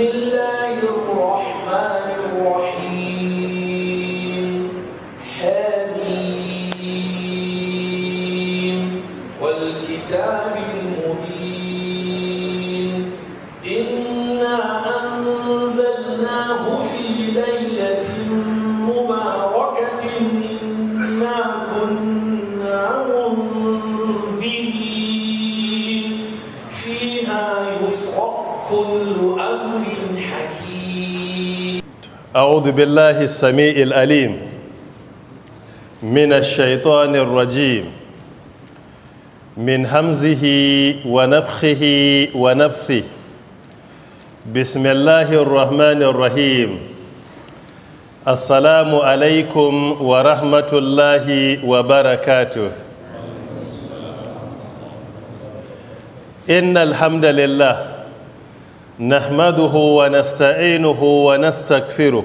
الله الرحمن أعوذ بالله السميع الأليم من الشيطان الرجيم من همزه ونفخه ونفثه بسم الله الرحمن الرحيم السلام عليكم ورحمة الله وبركاته إن الحمد لله نحمده ونستعينه ونستغفره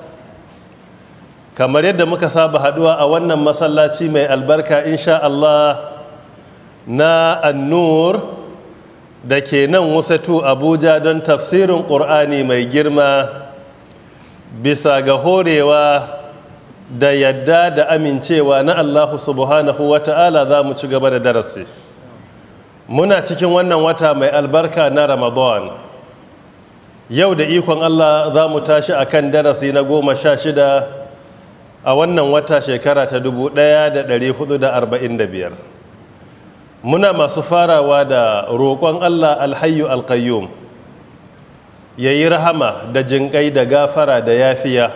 kamar yadda muka saba haduwa a wannan masallaci mai albarka insha Allah na annur da ke nan wasatu abuja don tafsirin ƙur'ani mai girma bisa ga horewa da yadda da amincewa na allahu subhanahu wa ta'ala za mu ci gaba da darasi muna cikin wannan wata mai albarka na ramadan yau da ikon allah za mu tashi kan darasi na goma sha shida a wannan wata shekara ta 1445 muna masu farawa da roƙon allah alhayu alkayyum ya yi rahama da jinƙai da gafara da yafiya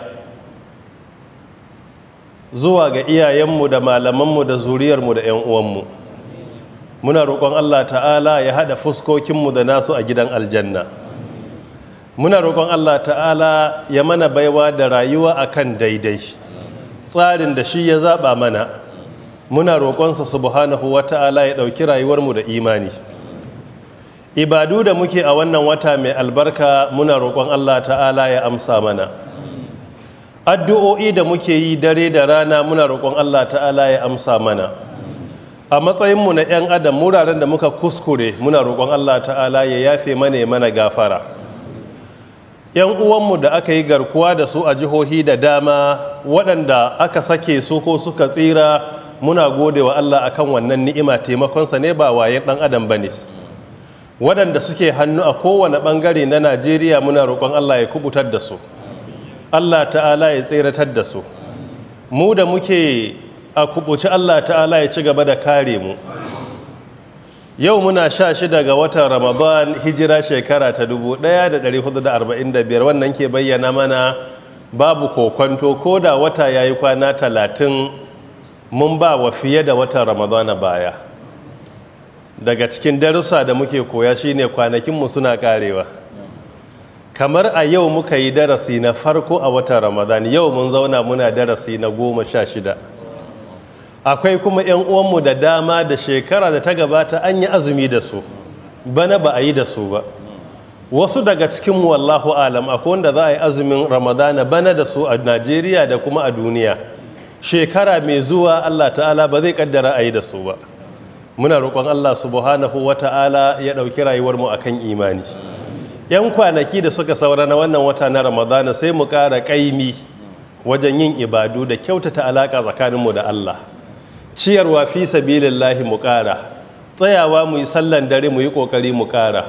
zuwa ga iyayenmu da malamanmu da zuriyarmu da 'yan uwanmu muna roƙon allah ta'ala ya haɗa fuskokinmu da nasu a gidan aljanna muna roƙon allah ta'ala ya mana baiwa da rayuwa akan daidai tsarin da shi ya zaɓa mana muna roƙonsa subhanahu wata'ala ya ɗauki rayuwarmu da imani ibadu da muke a wannan wata mai albarka muna roƙon allah ta'ala ya amsa mana addu'o'i da muke yi dare da rana muna roƙon allah ta'ala ya amsa mana a matsayinmu na 'yan adam wuraren da muka kuskure muna roƙon allah ta'ala ya yafe mana mana gafara 'yan uwanmu da aka yi garkuwa da su a jihohi da dama waɗanda aka sake su ko suka tsira muna gode wa Allah a kan wannan ni'ima taimakonsa ne ba wayan ɗan adam ba ne waɗanda suke hannu a kowane ɓangare na najeriya muna roƙon Allah ya kubutar da su Allah ta'ala ya tseratar da su mu da muke a kubuci Allah ta'ala ya ci gaba da kare mu yau muna sha shida ga watan ramadan hijira shekara ta 1445 wannan ke bayyana mana babu kokwanto ko da wata ya yi kwana talatin mun ba wa fiye da watan ramadana baya daga cikin darussa da muke koya shine kwanakinmu suna karewa kamar a yau muka yi darasi na farko a watan ramadan yau mun zauna muna darasi na goma sha shida akwai kuma 'yan uwanmu da dama da shekara da ta gabata an yi azumi da su bana ba a yi da su ba wasu daga cikin wallahu alam akwai wanda za a yi azumin ramadana bana da su a najeriya da kuma a duniya shekara mai zuwa allah ta'ala ba zai kaddara a yi da su ba muna roƙon allah subhanahu wa ta'ala ya ɗauki rayuwarmu a kan imani 'yan kwanaki da suka saura na wannan wata na ramadana sai mu ƙara ƙaimi wajen yin ibadu da kyautata alaƙa tsakaninmu da allah ciyarwa fi sabilillahi mu ƙara tsayawa mu yi sallan dare mu yi ƙoƙari mu ƙara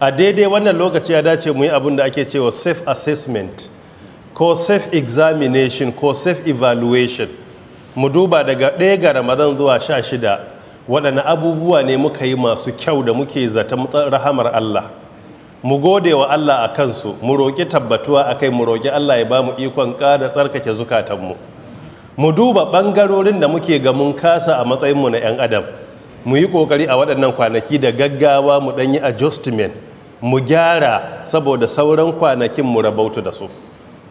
a daidai wannan lokaci ya dace mu yi abin da ake cewa safe assessment ko safe examination ko safe evaluation mu duba daga ɗaya ga ramadan zuwa sha shida waɗanne abubuwa ne muka yi masu kyau da muke zaton rahamar allah mu gode wa allah a kansu mu roƙi tabbatuwa a kai mu roƙi allah ya ba mu ikon ƙara tsarkake zukatanmu mu duba ɓangarorin da muke ga mun kasa a matsayinmu na 'yan adam mu yi ƙoƙari a waɗannan kwanaki da gaggawa mu ɗanyi adjustment mu gyara saboda sauran kwanakin mu rabautu da su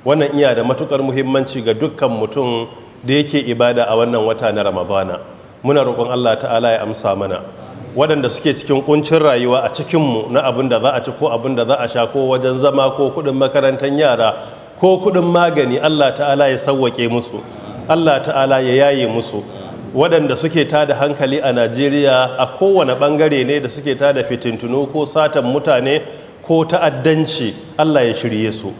wannan iya da matukar muhimmanci ga dukkan mutum da yake ibada a wannan wata na ramadana muna roƙon allah ta'ala ya amsa mana waɗanda suke cikin ƙuncin rayuwa a cikinmu na abin da za a ci ko abin da za a sha ko wajen zama ko kuɗin makarantar yara ko kuɗin magani allah ta'ala ya sauwake musu Allah ta'ala ya yaye musu waɗanda suke tada hankali a Najeriya a kowane ɓangare ne da suke tada fitintunu ko satan mutane ko ta'addanci Allah ya shirye su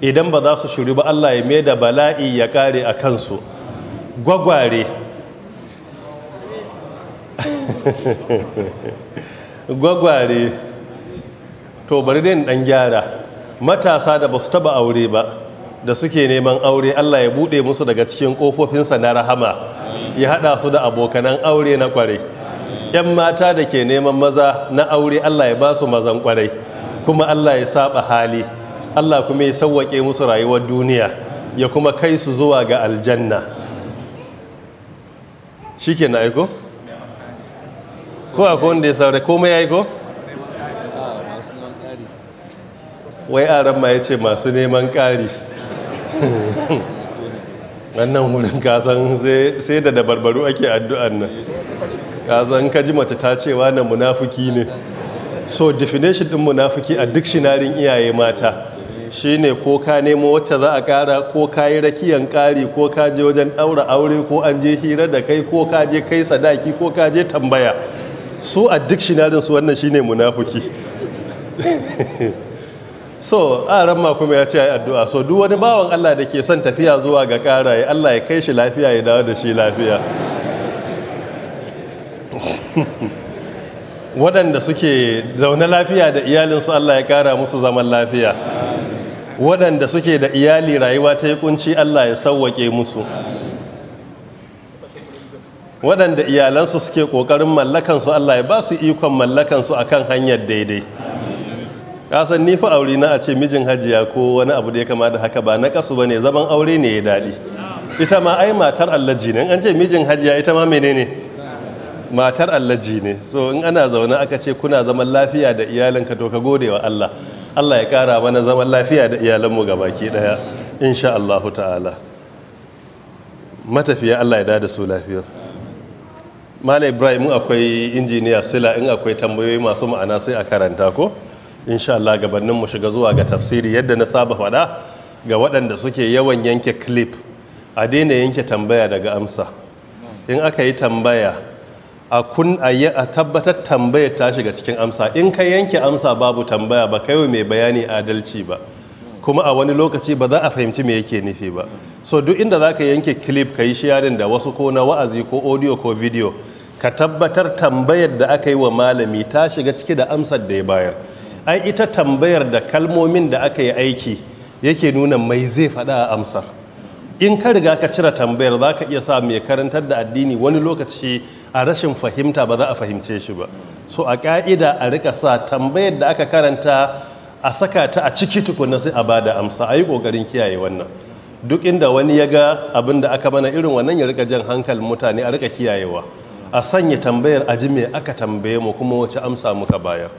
idan ba za su shiri ba Allah ya mai da bala'i ya ƙare a kansu gwagware gwagware to bari dai ɗan gyara matasa da ba su taba aure ba da suke neman aure Allah ya buɗe musu daga cikin kofofinsa na rahama ya haɗa su da abokanan aure na kwarai ‘yan mata da ke neman maza na aure Allah ya ba su mazan kwarai kuma Allah ya saba hali Allah kuma ya sauwaƙe musu rayuwar duniya ya kuma kai su zuwa ga aljanna shi ke na aiko? ko akwai ya saurari komai ya aiko? wai aran ma ya ce masu neman ƙari wannan wurin kasan sai da dabarbaru ake addu'an nan kasan kaji mace ta ce wannan munafuki ne so definition din munafuki a duk shinarin iyaye mata shi ne ko ka nemo wacce za a kara ko ka yi rakiyan kari ko ka je wajen ɗaura aure ko an je hira da kai ko ka je kai sadaki ko ka je tambaya su a duk shinarin su wannan shi ne munafuki so a ramma kuma ya ce yi addu'a so duk wani bawan Allah da ke son tafiya zuwa ga ƙara Allah ya kai shi lafiya ya dawo da shi lafiya waɗanda suke zaune lafiya da iyalinsu Allah ya kara musu zaman lafiya waɗanda suke da iyali rayuwa ta yi kunci Allah ya sauwaƙe musu waɗanda iyalansu suke ƙoƙarin mallakansu Allah ya ba su ikon mallakansu kan hanyar daidai kasan ni fa aure na a ce mijin hajiya ko wani abu da ya kama da haka ba na kasu ne zaman aure ne ya daɗi ita ma ai matar allaji ne an ce mijin hajiya ita ma menene matar allaji ne so in ana zaune aka ce kuna zaman lafiya da iyalinka to ka gode wa Allah Allah ya kara mana zaman lafiya da iyalanmu gabaki daya insha Allahu ta'ala matafiya Allah ya dada su lafiya Malam Ibrahim akwai injiniya Sila in akwai tambayoyi masu ma'ana sai a karanta ko insha Allah gabanin mu shiga zuwa ga tafsiri yadda na saba faɗa ga waɗanda suke yawan yanke clip a daina yanke tambaya daga amsa in aka yi tambaya a kun a tabbatar tambayar ta shiga cikin amsa in ka yanke amsa babu tambaya ba kai mai bayani adalci ba kuma a wani lokaci ba za a fahimci me yake nufi ba so duk inda za ka yanke clip ka yi sharing da wasu ko na wa'azi ko audio ko video ka tabbatar tambayar da aka yi wa malami ta shiga ciki da amsar da ya bayar ai ita tambayar da kalmomin da aka yi aiki yake nuna mai zai faɗa a amsar in ka riga ka cire tambayar za ka iya sa mai karantar da addini wani lokaci a rashin fahimta ba za a fahimce shi ba so a ka'ida a rika sa tambayar da aka karanta a saka ta a ciki tukuna sai a ba da amsa a yi ƙoƙarin kiyaye wannan duk inda wani ya ga abin da aka mana irin wannan ya rika jan hankalin mutane a rika kiyayewa a sanya tambayar a ji me aka tambaye mu kuma wace amsa muka bayar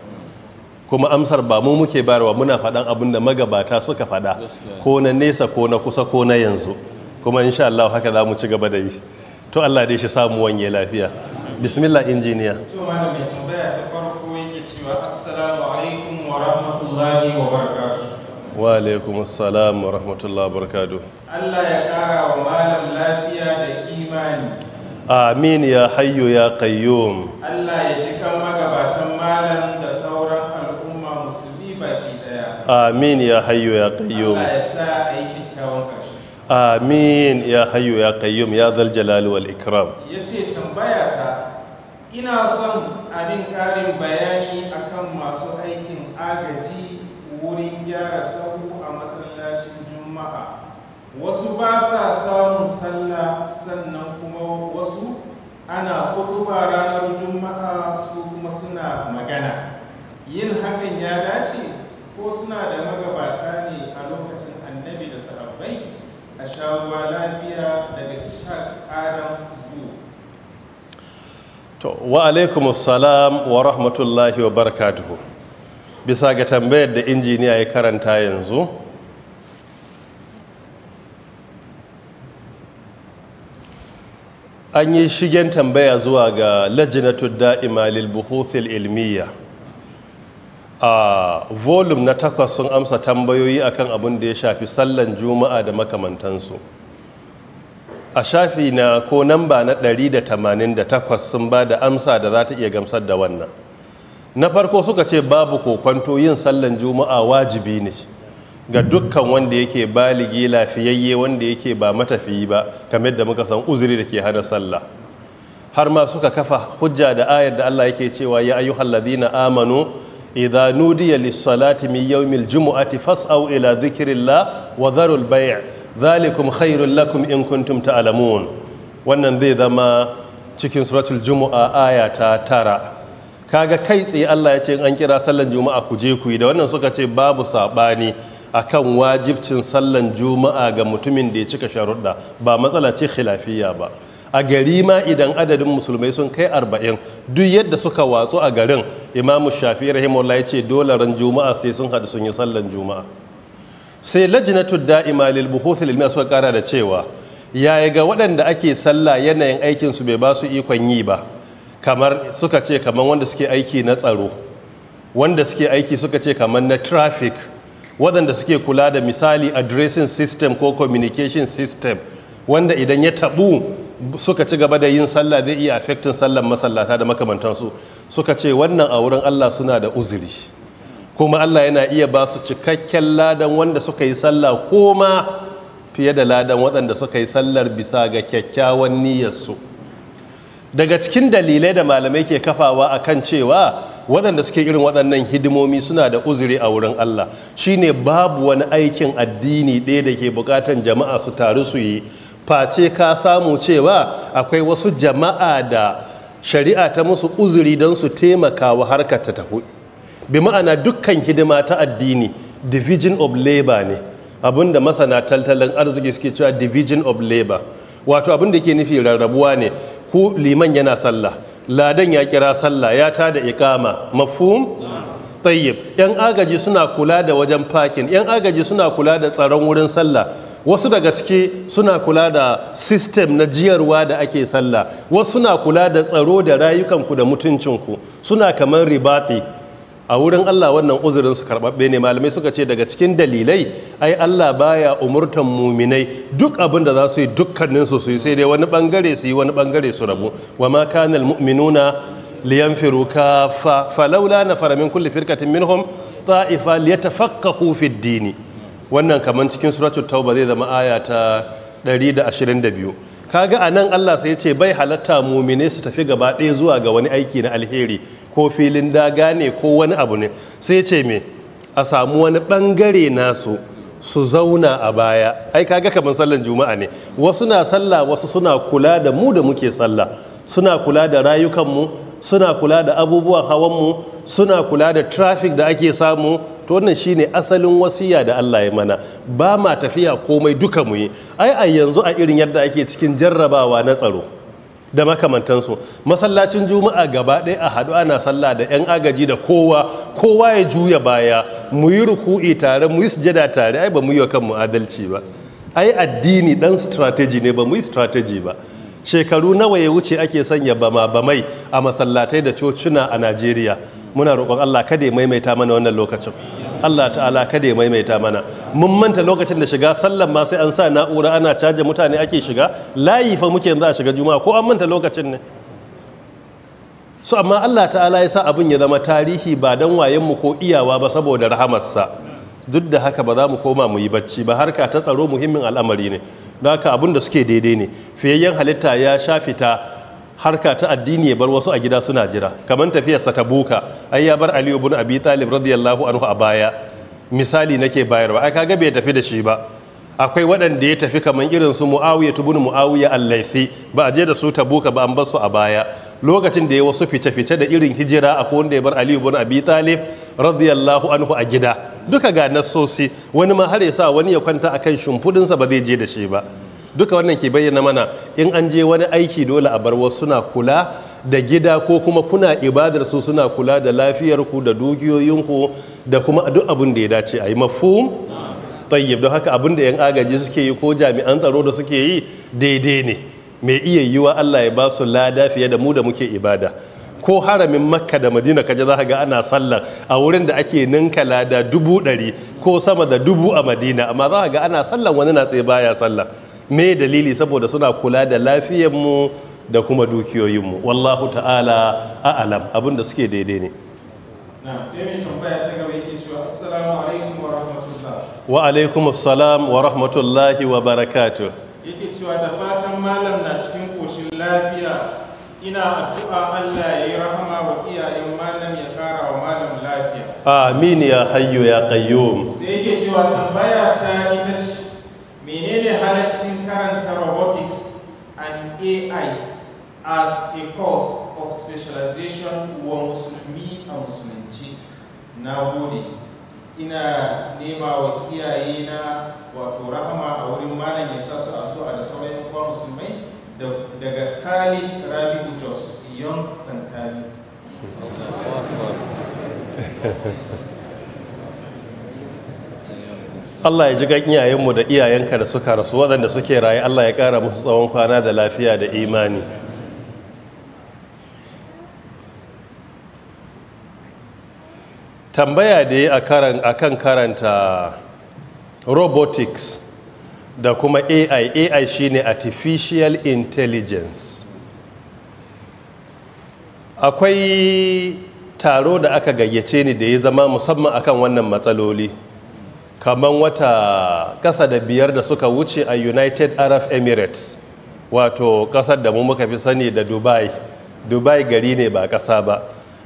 kuma amsar ba mu muke bayarwa muna faɗan abin da magabata suka faɗa ko na nesa ko na kusa ko na yanzu kuma insha Allah haka za mu ci gaba da yi to Allah dai shi samu wanye lafiya bismillah injiniya to malam ya tambaya ta farko yake cewa assalamu alaikum wa rahmatullahi wa barakatuh wa alaikum assalam wa rahmatullahi wa barakatuh Allah ya kara wa malam lafiya da imani amin ya hayyu ya qayyum Allah ya cika kan magabatan malam da sauran amin ya hayo ya qayyum amin ya hayo ya qayyum ya zal wal ikram yace tambaya ta ina son abin karin bayani akan masu aikin agaji wurin gyara sahu a masallacin juma'a wasu ba sa samun sallah sannan kuma wasu ana ba ranar juma'a su kuma suna magana yin hakan ya dace ko suna da magabata ne a lokacin annabi da sahabbai a shawuwa lafiya daga ishaq adam to wa alaikum assalam wa rahmatullahi wa barakatuhu bisa ga tambayar da injiniya ya karanta yanzu an yi shigen tambaya zuwa ga lajinatu da'ima lil buhuthil ilmiya a volume na takwas sun amsa tambayoyi akan abin da ya shafi sallan juma'a da makamantansu a shafi na ko namba na 188 sun ba da amsa da za ta iya gamsar da wannan na farko suka ce babu kokwanto yin sallan juma'a wajibi ne ga dukkan wanda yake baligi lafiyayye wanda yake ba matafiyi ba kamar da muka san uzuri da ke hana sallah har ma suka kafa hujja da ayar da Allah yake cewa ya ayyuhal ladina amanu idza nudiya lis-salati min yawmil jumu'ati fas'au ila dhikrillah wa dharul bay' dhalikum khairul lakum in kuntum alamun wannan zai zama cikin suratul jumu'a aya ta tara kaga kai tsaye Allah ya ce an kira sallan juma'a ku je ku yi da wannan suka ce babu sabani akan wajibcin sallan juma'a ga mutumin da ya cika sharuɗa ba matsala ce khilafiyya ba a gari ma idan adadin musulmai sun kai arba'in duk yadda suka watsu a garin imamu shafi rahimahullah ya ce dole juma'a sai sun haɗu sun yi sallan juma'a sai lajinatu da'ima lil buhuthil ilmi suka kara da cewa yaya ga waɗanda ake sallah yanayin aikin su bai ba su ikon yi ba kamar suka ce kamar wanda suke aiki na tsaro wanda suke aiki suka ce kamar na traffic waɗanda suke kula da misali addressing system ko communication system wanda idan ya taɓu suka ci gaba da yin sallah zai iya affecting sallar masallata da makamantansu suka ce wannan a wurin Allah suna da uzuri kuma Allah yana iya ba su cikakken ladan wanda suka yi sallah ko ma fiye da ladan waɗanda suka yi sallar bisa ga kyakkyawan niyyarsu daga cikin dalilai da malamai ke kafawa akan cewa waɗanda suke irin waɗannan hidimomi suna da uzuri a wurin Allah shine babu wani aikin addini ɗaya da ke buƙatan jama'a su taru su yi face ka samu cewa akwai wasu jama'a da shari'a ta musu uzuri don su taimaka wa harkar ta tafi bi ma'ana dukkan hidima ta addini division of labor ne abinda masana tattalin arziki suke cewa division of labor wato abinda ke nufi rarrabuwa ne ku liman yana sallah ladan ya kira sallah ya tada ikama mafhum tayyib yan agaji suna kula da wajen parking yan agaji suna kula da tsaron wurin sallah wasu daga ciki suna kula da sistem na jiyarwa da ake sallah wasu suna kula da tsaro da rayukanku da mutuncinku suna kamar ribati a wurin Allah wannan uzurin su karbabbe ne malamai suka ce daga cikin dalilai ai Allah baya umurtan muminai duk abinda da za su yi dukkanin su yi sai dai wani bangare su yi wani bangare su rabu wa ma kana almu'minuna liyanfiru kafa laula na faramin kulli firkatin minhum ta'ifa liyatafaqahu fid dini wannan kamar cikin suratul tauba zai zama aya ta 122 kaga a nan Allah sai ce bai halatta mumine su tafi gaba ɗaya zuwa ga wani aiki na alheri ko filin daga ne ko wani abu ne sai ya ce me a samu wani bangare nasu su zauna a baya ai kaga kamar sallan juma'a ne wasu na sallah wasu suna kula da mu da muke sallah suna kula da rayukan mu suna kula da abubuwan hawanmu suna kula da trafik da ake samu to wannan shine asalin wasiya da Allah ya mana ba ma tafiya komai duka mu yi ai a yanzu a irin yadda ake cikin jarrabawa na tsaro da makamantansu masallacin juma'a gaba ɗaya a haɗu ana sallah da 'yan agaji da kowa kowa ya juya baya mu yi ruku'i tare mu yi sujada tare ai ba mu yi wa kanmu adalci ba ai addini dan strategy ne ba mu yi strategy ba shekaru nawa ya wuce ake sanya bama-bamai a masallatai da cocina a najeriya muna roƙon allah kada ya maimaita mana wannan lokacin allah ta'ala kada ya maimaita mana mun manta lokacin da shiga sallan ma sai an sa na'ura ana caja mutane ake shiga layi fa muke yanzu a shiga juma'a ko an manta lokacin ne su amma allah ta'ala ya sa abin ya zama tarihi ba don wayenmu ko iyawa ba saboda rahamarsa duk da haka ba za mu koma mu yi bacci ba harka ta tsaro muhimmin al'amari ne naka haka abin da suke daidai ne fiyayyen halitta ya shafi ta harka ta addini ya bar wasu a gida suna jira kamar tafiyarsa ta buka. ai ya bar aliyu bin abi talib radiyallahu anhu a baya misali nake bayarwa ai kaga bai tafi da shi ba akwai waɗanda ya tafi kamar irin su muawiya tubun muawiya al ba a je da su tabuka ba an bar su a baya lokacin da ya wasu fice-fice da irin hijira a da ya bar aliyu bin abi talib radiyallahu anhu a gida duka ga nasosi wani ma har ya wani ya kwanta akan shimfudinsa ba zai je da shi ba duka wannan ke bayyana mana in an je wani aiki dole a bar wasu na kula da gida ko kuma kuna ibadar su suna kula da lafiyarku da dukiyoyinku da kuma duk abin da ya dace a yi mafhum tayyib don haka abin da yan agaji suke yi ko jami'an tsaro da suke yi daidai ne mai iya yiwa Allah ya ba su lada fiye da mu da muke ibada ko haramin makka da madina kaje za ga ana sallar a wurin da ake ninka lada dubu ɗari ko sama da dubu a madina amma za ga ana sallar wani na tsaye baya sallar me dalili saboda suna kula da lafiyarmu da kuma dukiyoyinmu wallahu ta'ala a'alam abin da suke daidai ne wa alaikum assalam wa rahmatullahi wa barakatuh yake cewa da fatan malam na cikin koshin lafiya ina addu'a Allah ya yi rahama wa iyayen malam ya kara wa malam lafiya amin ya hayyu ya qayyum sai yake cewa tambaya ta ita ce menene halaccin karanta robotics and AI as a course of specialization wa musulmi a musulunci na gode ina nema wa iyayena wato rahama a wurin malam ya sa su addu'a da sauran yan musulmai daga Khalid Rabi Jos Yon Kantami Allah ya ji gan iyayenmu da iyayenka da suka rasu waɗanda suke raye Allah ya ƙara musu tsawon kwana da lafiya da imani tambaya da ya a kan karanta robotics da kuma ai ai shine artificial intelligence akwai taro da aka gayyace ni da ya zama musamman akan wannan matsaloli kamar wata ƙasa da biyar da suka wuce a united arab emirates wato ƙasar da mu muka fi sani da dubai dubai gari ne ba ƙasa ba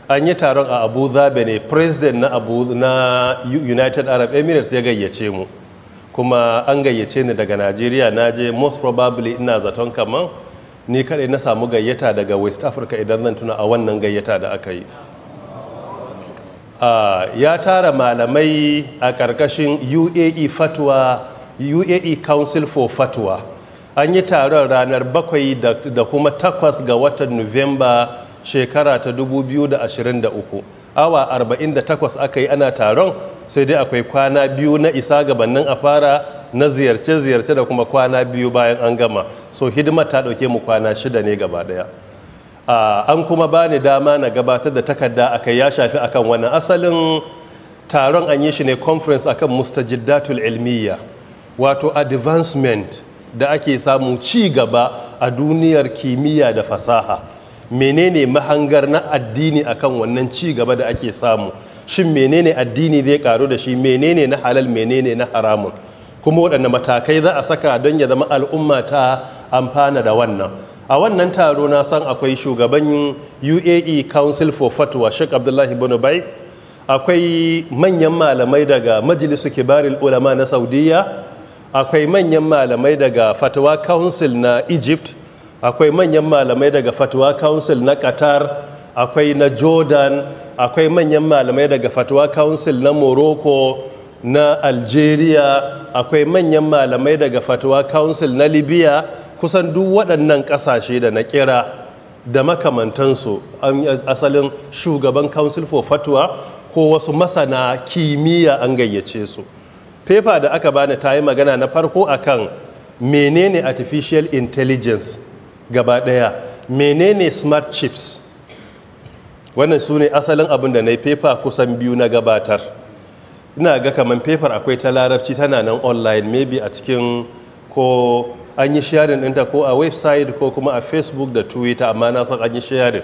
an yi taron a abu zabe ne president na abu na united arab emirates ya gayyace mu kuma an gayyace ni daga najeriya na je most probably ina zaton kaman ni kadai na samu gayyata daga west africa idan zan tuna a wannan gayyata da aka yi uh, ya tara malamai a ƙarƙashin uae fatwa uae council for fatwa an yi taron ranar bakwai da, kuma takwas ga watan november shekara ta 2023 awa 48 aka yi ana taron sai dai akwai kwana biyu na isa gabanin a fara na ziyarce-ziyarce da kuma kwana biyu bayan an gama so hidima ta ɗauke mu kwana shida ne gaba daya an kuma ba ni dama na gabatar da takarda aka ya shafi akan wani asalin taron an yi shi ne conference akan mustajiddatul ilmiya wato advancement da ake samu ci gaba a duniyar kimiyya da fasaha menene mahangar na addini akan wannan ci gaba da ake samu shin menene addini zai karu da shi menene na halal menene na haramun kuma waɗanne matakai za a saka don ya zama al'umma ta amfana da wannan a wannan taro na san akwai shugaban uae council for fatwa sheikh abdullahi Bonobai akwai manyan malamai daga majalisu kibaril ulama na saudiya akwai manyan malamai daga fatwa council na egypt akwai manyan malamai daga fatwa council na qatar akwai na jordan akwai manyan malamai daga fatwa council na morocco na algeria akwai manyan malamai daga fatwa council na libya kusan duk waɗannan ƙasashe da na kira da makamantansu asalin shugaban council for fatwa ko wasu masana kimiyya an gayyace su fefa da aka bani ta yi magana na farko akan menene artificial intelligence gaba daya menene smart chips wannan su ne asalin abin da na yi fefa kusan biyu na gabatar ina ga kamar fefar akwai ta larabci tana nan online maybe a cikin ko an yi sharing ɗinta ko a website ko kuma a facebook da twitter amma na san an yi sharing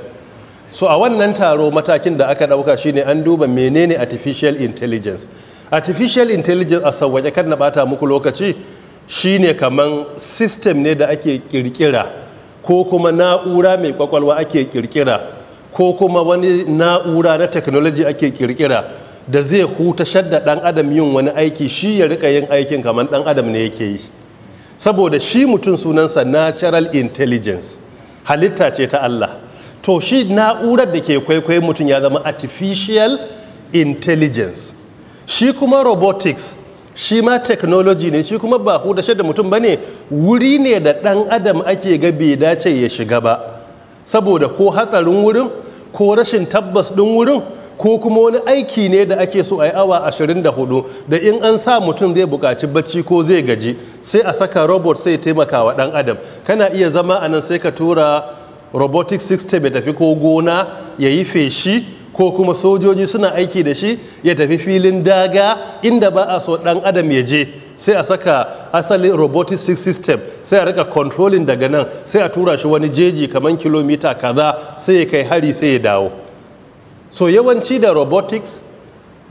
so a wannan taro matakin da aka ɗauka shine an duba menene artificial intelligence artificial intelligence a sauwaje kan na bata muku lokaci shine kaman system ne da ake ƙirƙira. ko kuma na'ura mai kwakwalwa ake kirkira ko kuma wani na'ura na technology ake kirkira da zai hutashar da ɗan adam yin wani aiki shi ya rika yin aikin kamar ɗan adam ne yake yi saboda shi mutum sunansa natural intelligence halitta ce ta Allah to shi na'urar da ke kwaikwayo mutum ya zama artificial intelligence shi kuma robotics shi ma technology ne shi kuma ba hudashe da mutum bane wuri ne da ɗan adam ake ga bai dace ya shiga ba saboda ko hatsarin wurin ko rashin tabbas ɗin wurin ko kuma wani aiki ne da ake so a yi awa 24 da in an sa mutum zai buƙaci bacci ko zai gaji sai a saka robot sai taimaka wa ɗan adam kana iya zama anan sai ka tura robotic system ya tafi ko gona ya yi feshi ko kuma sojoji suna aiki da shi ya tafi filin daga inda ba a so dan adam ya je sai a saka asali robotic system sai a rika controlling daga nan sai a tura shi wani jeji kamar kilomita kaza sai ya kai hari sai ya dawo so yawanci da robotics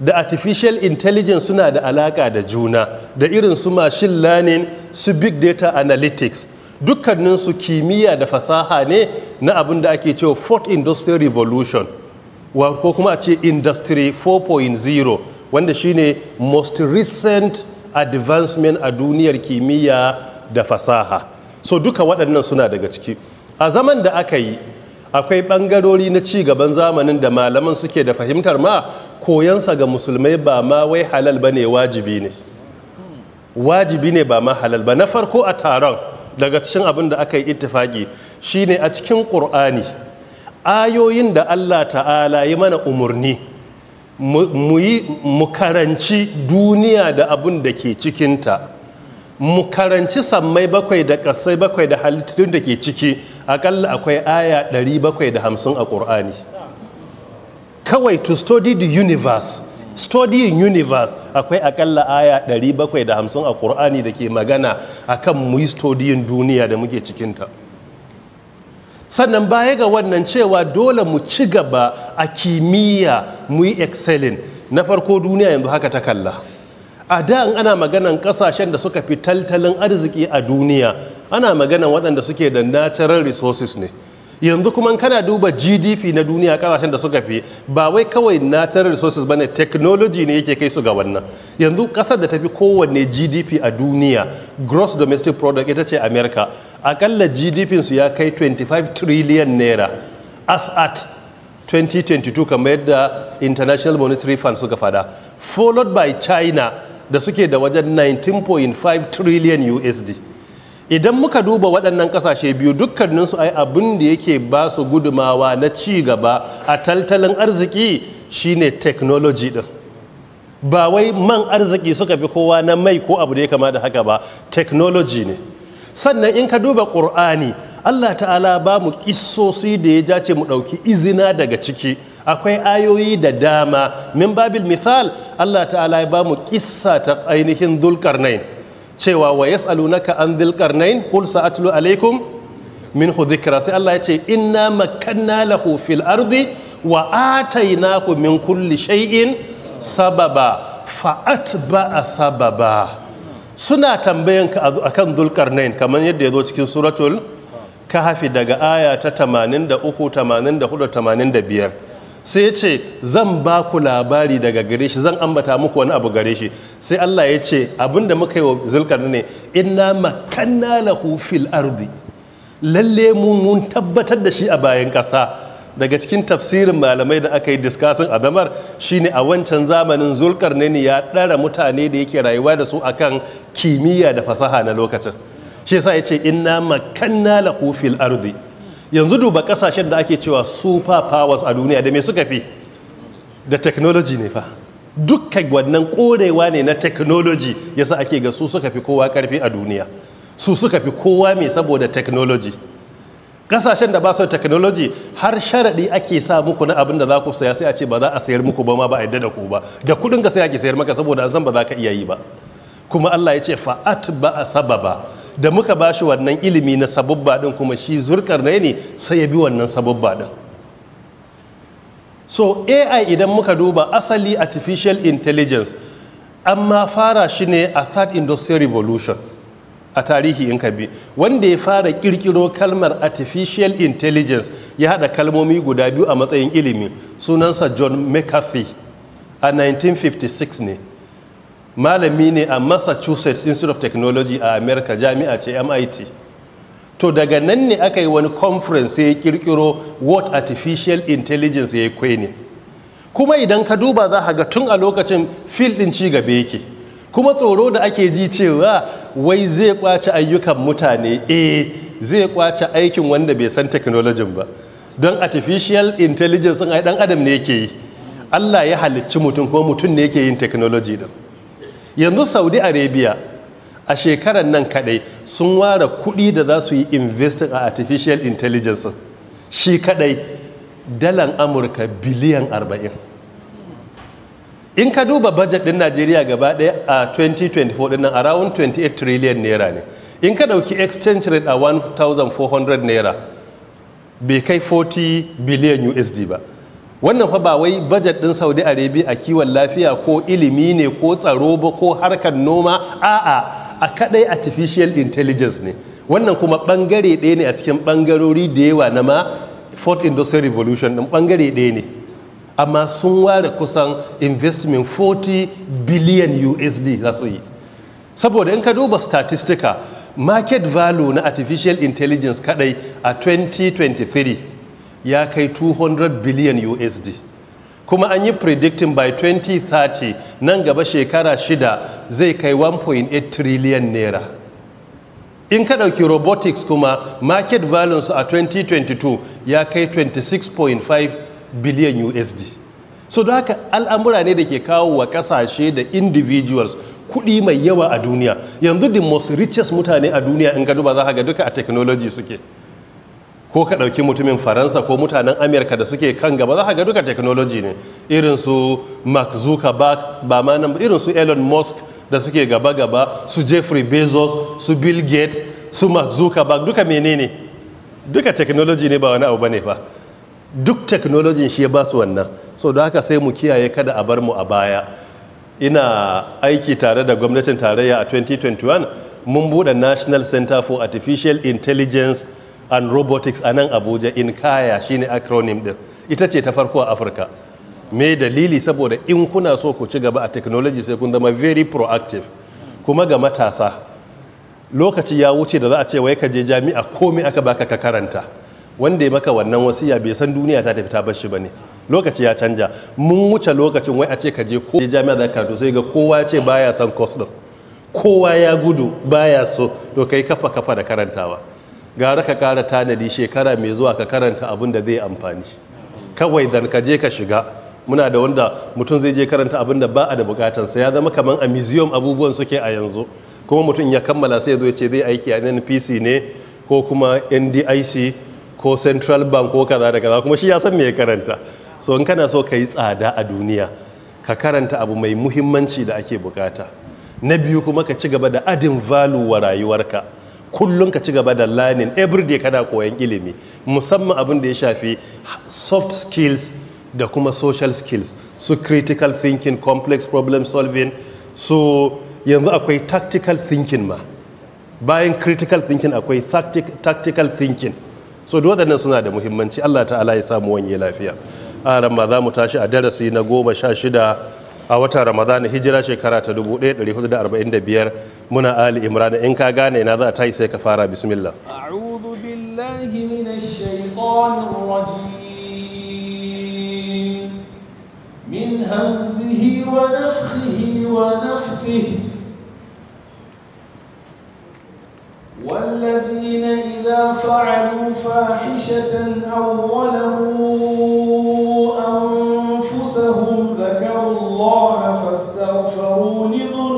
da artificial intelligence suna da alaka da juna da irin su machine learning su big data analytics dukkaninsu kimiyya da fasaha ne na abin da ake cewa fourth industrial revolution ko kuma a ce industry 4.0 wanda shine most recent advancement a duniyar kimiyya da fasaha so duka waɗannan suna daga ciki a zaman da aka yi akwai ɓangarori na ci gaban zamanin da malaman suke da fahimtar ma koyansa ga musulmai ba ma wai halal ba ne wajibi ne wajibi ne ba ma halal ba na farko a taron daga cikin abin da aka yi ittifaki shine a cikin ƙur'ani ayoyin da Allah ta'ala yi mana umarni mu yi mukaranci duniya da abun da ke cikinta mukaranci karanci sammai bakwai da kasai bakwai da halittun da ke ciki akalla akwai aya 750 a ƙur'ani kawai to study the universe studying universe akwai akalla aya 750 a ƙur'ani da ke magana akan mu yi studying duniya da muke cikinta sannan baya ga wannan cewa dole mu ci gaba a kimiyya mu yi excelling na farko duniya yanzu haka ta kalla a da ana maganan kasashen da suka fi tattalin arziki a duniya ana maganan waɗanda suke da natural resources ne yanzu kuma kana duba gdp na duniya kasashen da suka fi ba wai kawai natural resources bane technology ne yake kai su ga wannan yanzu kasar da fi kowanne gdp a duniya gross domestic product ita ce america akalla gdp su ya kai 25 trillion naira as at 2022 kamar yadda international monetary fund suka fada followed by china da suke da wajen 19.5 trillion usd idan muka duba waɗannan ƙasashe biyu dukkaninsu ai abin da yake ba su gudumawa na ci gaba a tattalin arziki shine technology din ba wai man arziki suka fi kowa na mai ko abu da ya kama da haka ba technology ne sannan in ka duba ƙur'ani allah ta'ala ba mu ƙissosi da ya jace mu ɗauki izina daga ciki akwai ayoyi da dama min babil misal allah ta'ala ya ba mu ƙissa ta ainihin zulkarnain cewa wa ya naka an dhil qarnain qul sa'atlu alaikum minhu dhikra sai Allah ya ce inna makanna lahu fil ardi wa atainahu min kulli shay'in sababa ba a sababa suna tambayan ka akan dhul kamar yadda ya zo cikin suratul kahfi daga aya ta 83 84 85 sai ya ce zan ba ku labari daga gare shi zan ambata muku wani abu gare shi sai Allah ya ce abin da muka yi wa zulkarni ne inna makanna lahu fil ardi lalle mun tabbatar da shi a bayan kasa daga cikin tafsirin malamai da aka yi diskasin adamar shine a wancan zamanin zulkarni ya ɗara mutane da yake rayuwa da su akan kimiyya da fasaha na lokacin shi yasa ya ce inna makanna lahu fil ardi yanzu duba kasashen da ake cewa super powers a duniya da me suka fi da technology ne fa dukkan wannan korewa ne na technology yasa ake ga su suka fi kowa karfi a duniya su suka fi kowa mai saboda technology kasashen da ba su technology har sharaɗi ake sa muku na abin da za ku saya sai a ce ba za a sayar muku ba ma ba a yadda da ku ba da kuɗin ka sai ake sayar maka saboda an san ba za ka iya yi ba kuma Allah ya ce fa'at ba a sababa da muka ba shi wannan ilimi na sabubba din kuma shi zurkar ne sai ya bi wannan sabubba din so ai idan muka duba asali artificial intelligence ma fara shi ne a third industrial revolution a tarihi in bi wanda ya fara kirkiro kalmar artificial intelligence ya hada kalmomi guda biyu a matsayin ilimi sunansa john mccarthy a 1956 ne malami ne a massachusetts institute of technology a america jami'a ce mit to daga nan ne aka yi wani conference ya kirkiro what artificial intelligence ya yi ne kuma idan ka duba za ga tun a lokacin fil din ci gaba yake kuma tsoro da ake ji cewa wai zai kwace ayyukan mutane eh zai kwace aikin wanda bai san technology ba don artificial intelligence ai dan adam ne yake yi Allah ya halicci mutum kuma mutum ne yake yin technology din yanzu saudi arabia a shekarar nan kadai sun ware kuɗi da za su yi investing a artificial intelligence shi kadai dalan amurka biliyan 40 in ka duba budget din najeriya gaba ɗaya a 2024 din nan around 28 trillion naira ne in ka dauki exchange rate a 1400 naira bai kai 40 billion usd ba wannan fa ba wai bajet din saudi arabia a kiwon lafiya ko ilimi ne ko tsaro ba ko harkar noma a'a a kadai artificial intelligence ne wannan kuma bangare ɗaya ne a cikin bangarori da yawa na ma fourth industrial revolution din bangare ɗaya ne amma sun ware kusan investment 40 billion usd za su yi saboda in ka duba statistica market value na artificial intelligence kadai a 2023 ya kai 200 billion usd kuma an yi predicting by 2030 nan gaba shekara shida zai kai 1.8 trillion naira in ka ɗauki robotics kuma market value a 2022 ya kai 26.5 billion usd so da haka al'amura ne da ke kawo wa kasashe da individuals kuɗi mai yawa a duniya yanzu the most richest mutane a duniya in ka duba za ga duka a technology suke ko ka ɗauki mutumin faransa ko mutanen amerika da suke kan gaba za ka ga duka technology ne irin mark zuckerberg ba ma nan irin su elon musk da suke gaba-gaba su jeffrey bezos su bill gates su mark zuckerberg duka menene duka technology ne ba wani abu bane fa duk technology shi ya ba su wannan so da haka sai mu kiyaye kada a bar mu a baya ina aiki tare da gwamnatin tarayya a 2021 mun buɗe national center for artificial intelligence and robotics a nan abuja in kaya shine acronym din ita ce ta farko a afirka me dalili saboda in kuna so ku ci gaba a technology sai kun zama very proactive kuma ga matasa lokaci ya wuce da za a ce wai ka je jami'a komai aka baka ka karanta wanda ya maka wannan wasiya bai san duniya ta tafi ta bar shi bane lokaci ya canja mun wuce lokacin wai a ce ka je ko jami'a za ka karatu sai ga kowa ya ce baya son course din kowa ya gudu baya so to kai kafa kafa da karantawa gara ka kara tanadi shekara mai zuwa ka karanta abin da zai amfani kawai dan ka je ka shiga muna da wanda mutum zai je karanta abin da ba a da bukatansa ya zama kamar a museum abubuwan suke a yanzu kuma mutum ya kammala sai zo ce zai aiki a npc ne ko kuma ndic ko central bank ko kaza da kaza kuma shi ya san me ya karanta so in kana so ka yi tsada a duniya ka karanta abu mai muhimmanci da ake bukata na biyu kuma ka ci gaba da adin value wa rayuwarka kullum ka ci gaba da learning everyday kana koyon ilimi musamman abin da ya shafi soft skills da kuma social skills su so, critical thinking complex problem solving so yanzu akwai tactical thinking ma bayan critical thinking akwai tactical thinking so da waɗannan suna da muhimmanci allah ta'ala ya samu wanye lafiya a ran za mu tashi a darasi na goma sha shida a watan ramadana hijira shekara ta 1445 muna ali imran in ka gane na za a tayi sai ka fara bismillah a'udhu billahi minash shaitanir rajim min hamzihi wa nafthihi wa nafthihi والذين إذا فعلوا فاحشة أو ظلموا أنفسهم ذكروا horas são reunidos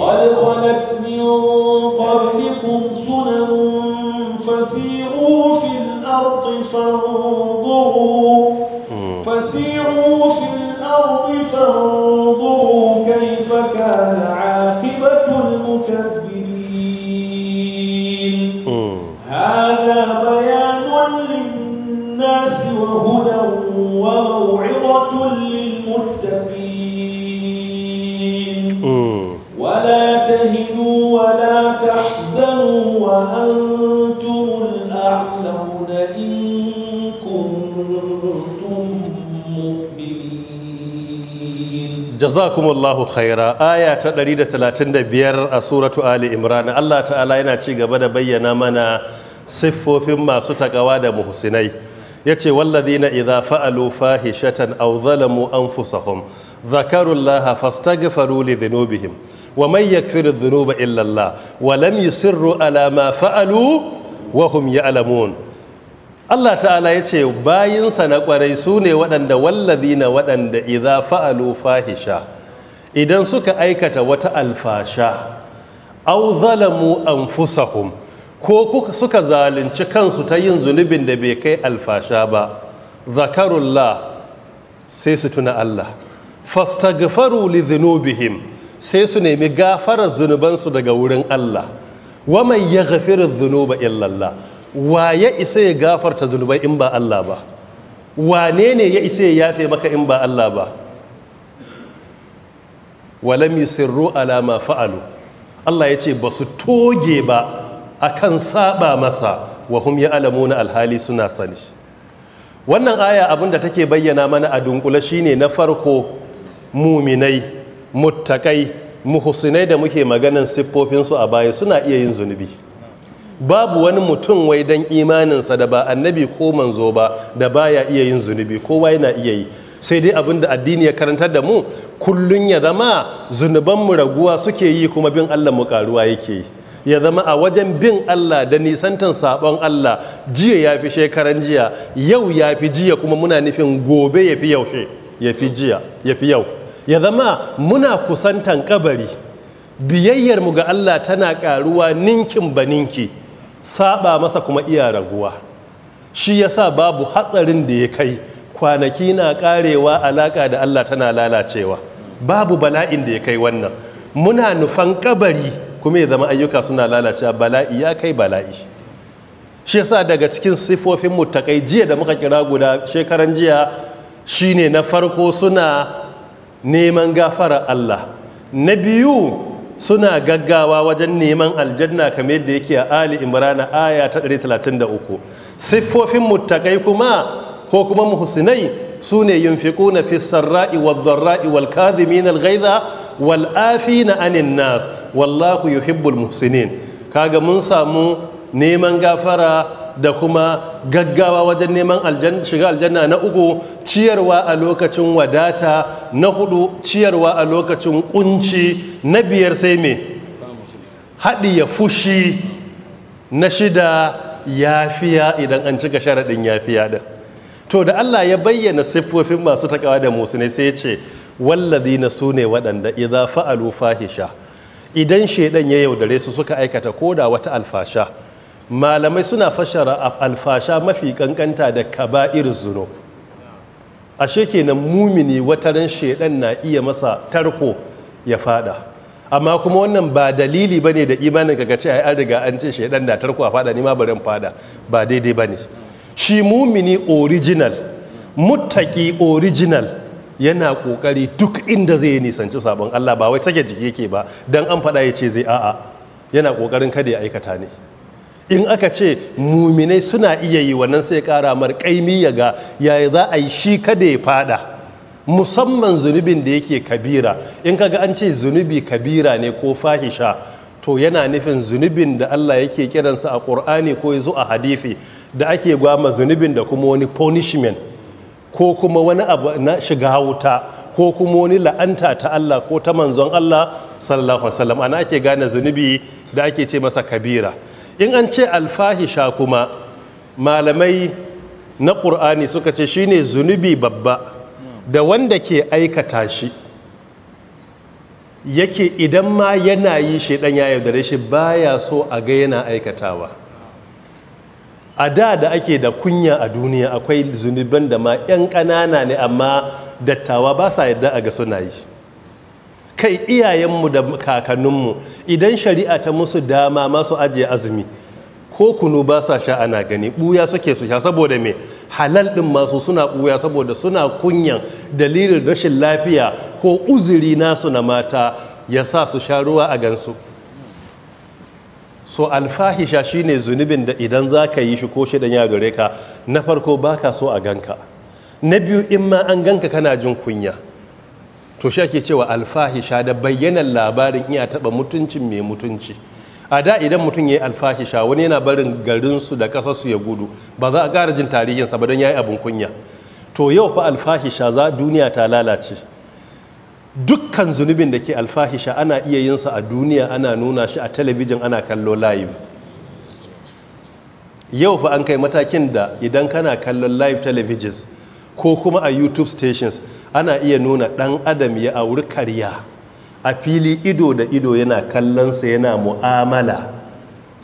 قد خلت من قبلكم سنن فسيروا في الأرض فانظروا فسيروا في الأرض فانظروا jazakumullahu khaira aya ta 135 a suratu ali imran Allah ta'ala yana ci gaba da bayyana mana siffofin masu takawa da muhsinai yace wallazina idza fa'alu fahishatan aw zalamu anfusahum zakaru Allah gafaru li dhunubihim wa man yaghfiru dhunuba illallah Allah wa lam yusirru ala ma fa'alu wa hum ya'lamun Allah ta'ala ya ce bayinsa na ƙwarai su ne waɗanda na waɗanda iza fa'alu fahisha idan suka aikata wata alfasha au zalamu anfusahum ko suka zalunci kansu ta yin zunubin da bai kai alfasha ba zakarullah sai su tuna Allah fastagfaru li dhunubihim sai su nemi gafarar zunubansu daga wurin Allah wa man yaghfiru dhunuba illa Allah wa ya isa ya gafarta zunubai in ba Allah ba wane ne ya isa ya yafe maka in ba Allah ba walam yusirru ala ma fa'alu Allah ya ce ba su toge ba akan saba masa wa hum ya'lamuna alhali suna sani wannan aya abin da take bayyana mana a dunkule shine na farko muminai muttakai muhsinai da muke maganan siffofinsu a baya suna iya yin zunubi babu wani mutum wai dan imaninsa da ba annabi ko manzo ba da baya iya yin zunubi kowa yana iya yi sai dai abinda addini ya karantar da mu Kullum ya zama zunubanmu raguwa suke yi kuma bin Allah mu karuwa yake yi ya zama a wajen bin Allah da nisantan sabon Allah jiya ya fi shekaran jiya yau ya fi jiya kuma muna nufin gobe ya fi yaushe ya fi jiya ya fi yau ya zama muna kusantan kabari mu ga Allah tana karuwa ninkin ba ninki saba masa kuma iya raguwa shi yasa babu hatsarin da ya kai kwanaki na karewa alaka da Allah tana lalacewa babu bala'in da ya kai wannan muna nufan kabari kuma ya zama ayyuka suna lalacewa bala'i ya kai bala'i shi yasa daga cikin sifofin muttakai jiya da muka kira guda shekaran jiya shine na farko suna neman gafara Allah na biyu suna gaggawa wajen neman aljanna kamar yadda yake a ali imrana aya ta 133 siffofin muttakai kuma ko kuma muhsinai sune ne yunfiquna fi sarra'i wad dharra'i wal kadhimin al ghaidha wal afina anin nas wallahu yuhibbul muhsinin kaga mun samu neman gafara da kuma gaggawa wajen neman shiga aljanna na uku ciyarwa a lokacin wadata na hudu ciyarwa a lokacin kunci na biyar sai me ya fushi na shida yafiya idan an cika sharaɗin yafiya da to da Allah ya bayyana siffofin masu takawa da musu ne sai ce ce wallazi su ne waɗanda idan fa'alu fahisha idan shaidan ya yaudare su suka aikata ko da wata alfasha malamai suna fashara a alfasha mafi kankanta da kaba'ir zunub ashe kenan mumini wataran shedan na iya masa tarko ya fada amma kuma wannan ba dalili bane da imanin ka ce ai an riga an ce shedan na tarko a fada ni ma barin fada ba daidai bane shi mumini original muttaki original yana kokari duk inda zai nisanci sabon Allah ba wai sake jiki yake ba dan an fada ya ce zai a'a yana kokarin kada ya aikata ne in aka ce muminai suna iya yi wannan sai kara mar kaimi ya ga yaya za a yi shi kada ya fada musamman zunubin da yake kabira in kaga an ce zunubi kabira ne ko fahisha to yana nufin zunubin da Allah yake kiransa a Qur'ani ko yazo a hadisi da ake gwama zunubin da kuma wani punishment ko kuma wani abu na shiga wuta ko kuma wani la'anta ta Allah ko ta manzon Allah sallallahu alaihi wasallam ana ake gane zunubi da ake ce masa kabira in an ce alfahisha kuma malamai na ƙur'ani suka ce shine zunubi babba da wanda ke aikata shi yake idan ma yana yi shaidan ya yaudare shi baya so a ga yana aikatawa a da da ake da kunya a duniya akwai zunuban da ma 'yan ƙanana ne amma dattawa ba sa yadda a ga suna yi kai iyayenmu da kakanninmu idan shari'a ta musu dama masu ajiye azumi ko kunu ba sa sha ana gani buya suke su sha saboda me halal din masu suna buya saboda suna kunyan dalilin rashin lafiya ko uzuri nasu na mata ya sa su sha ruwa a gansu so alfahisha shine zunubin da idan za ka yi shi ko shidan ya gare ka na farko baka so a ganka na biyu in ma an ganka kana jin kunya to shi ake cewa alfahisha da bayyanan labarin iya taɓa mutuncin mai mutunci a da idan mutum ya yi alfahisha wani yana barin garinsu da ƙasarsu ya gudu ba za a ƙara jin tarihinsa ba don ya yi abin kunya to yau fa alfahisha za duniya ta lalace dukkan zunubin da ke alfahisha ana iya yinsa a duniya ana nuna shi a talabijin ana kallo live yau fa an kai matakin da idan kana kallon live televisions ko kuma a youtube stations ana iya nuna ɗan adam ya auri karya a fili ido da ido yana kallonsa yana mu'amala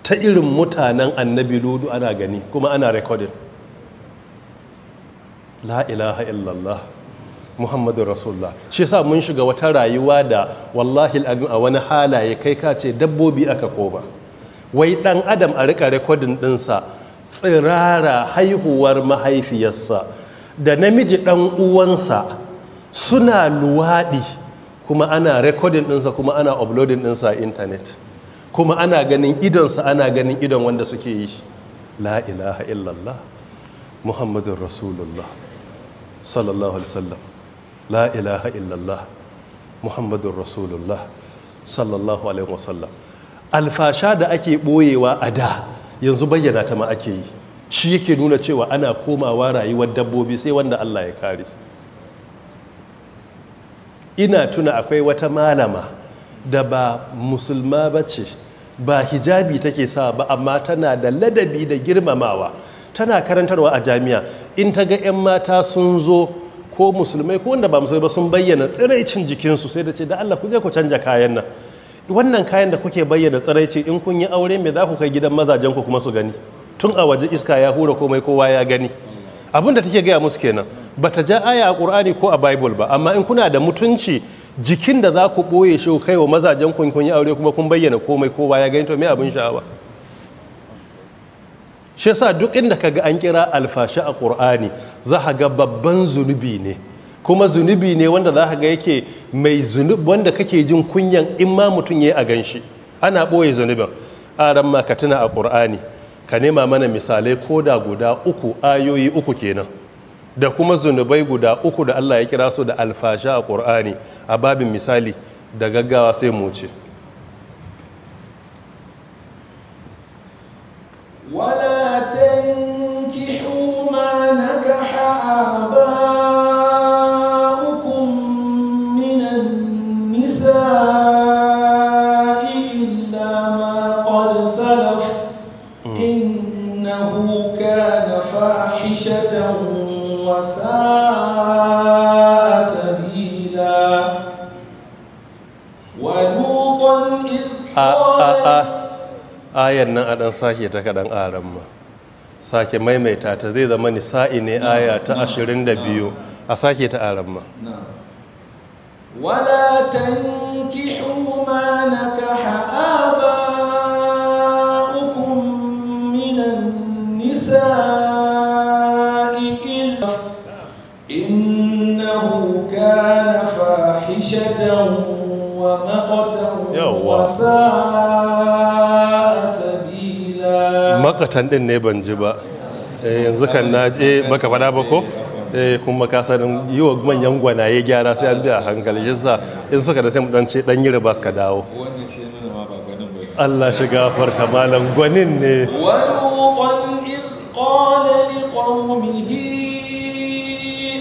ta irin mutanen annabi ludu ana gani kuma ana recording la ilaha illallah muhammadu rasulullah shi sa mun shiga wata rayuwa da wallahi al'adun a wani halaye kai ka ce dabbobi aka koba wai dan adam a rika rekodin dinsa tsirara haihuwar mahaifiyarsa da namiji ɗan uwansa suna luwaɗi kuma ana recording ɗinsa kuma ana uploading ɗinsa a intanet kuma ana ganin idonsa ana ganin idon wanda suke yi la ilaha illallah Muhammadu rasulullah sallallahu alaihi wasallam la ilaha illallah Muhammadu rasulullah sallallahu alaihi wasallam alfasha da ake ɓoyewa a da yanzu bayyana ta ma ake yi shi yake nuna cewa ana komawa rayuwar dabbobi sai wanda Allah ya kare ina tuna akwai wata malama da ba musulma ba ba hijabi take sa ba amma tana da ladabi da girmamawa tana karantarwa a jami'a in ta ga 'yan mata sun zo ko musulmai ko wanda ba musulmai ba sun bayyana tsiraicin jikinsu sai da ce da Allah ku je ku canja kayan nan wannan kayan da kuke bayyana tsiraici in kun yi aure me za ku kai gidan mazajen ku kuma su gani tun a waje iska ya hura komai kowa ya gani da take gaya musu kenan ba ta ja aya a ƙur'ani ko a bible ba amma in kuna da mutunci jikin da za ku ɓoye shi kai wa mazajen kun kun aure kuma kun bayyana komai kowa ya gani to me abin sha'awa shi yasa duk inda ka ga an kira alfashi a ƙur'ani za ka ga babban zunubi ne kuma zunubi ne wanda za ka ga yake mai zunubi wanda kake jin kunyan in ma mutum ya yi a gan shi. ana ɓoye zunubin a ran ma ka tuna a ƙur'ani. ka nema mana misalai ko da guda uku ayoyi uku kenan da kuma zunubai guda uku da Allah ya kira su da alfasha a ƙur'ani a babin misali da gaggawa sai mu ce wala ayan a ɗan sake kaɗan aran sake maimaita ta zai zama nisa'i ne aya ta ashirin da biyu a sake ta aran ma wala tankihu ma naka ha'aba ukun minan nisa illa innahu na fahishatan wa maqatan wa sa'a makatan din ne ban ji ba eh, yanzu kan na je eh, baka fada ba ko eh, kuma ka sanin yi wa manyan gwanaye gyara sai an biya hankali shi sa in suka da sai mu dan ce dan yi ribas ka dawo Allah shiga gafarta malam gwanin ne walutan iz qala liqaumihi